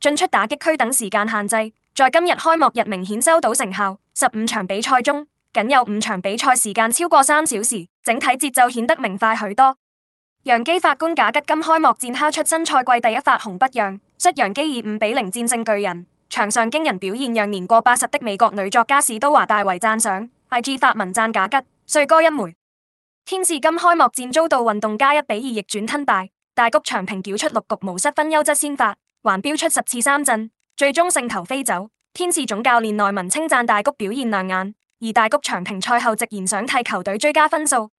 進出打擊區等時間限制，在今日開幕日明顯收到成效。十五場比賽中，僅有五場比賽時間超過三小時，整體節奏顯得明快許多。洋基法官賈吉今開幕戰敲出新賽季第一發紅不讓，率洋基以五比零戰勝巨人。場上驚人表現讓年過八十的美國女作家史都華大為讚賞。IG 發文讚賈吉，帥哥一枚。天使今開幕戰遭到運動家一比二逆轉吞敗，大谷翔平繳出六局無失分優質先發。還飆出十次三振，最終勝投飛走。天使總教練內文稱讚大谷表現亮眼，而大谷長停賽後直言想替球隊追加分數。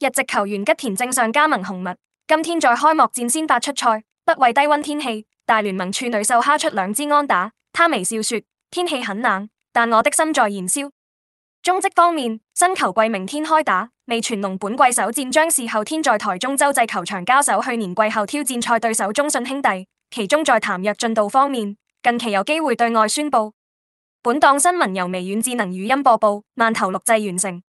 日籍球員吉田正尚加盟紅襪，今天在開幕戰先發出賽，不畏低温天氣。大聯盟處女秀敲出兩支安打，他微笑說：天氣很冷，但我的心在燃燒。中職方面，新球季明天開打，味全龍本季首戰將是後天在台中洲際球場交手去年季後挑戰賽對手中信兄弟。其中在談約進度方面，近期有機會對外宣布，本檔新聞由微軟智能語音播報，慢頭錄製完成。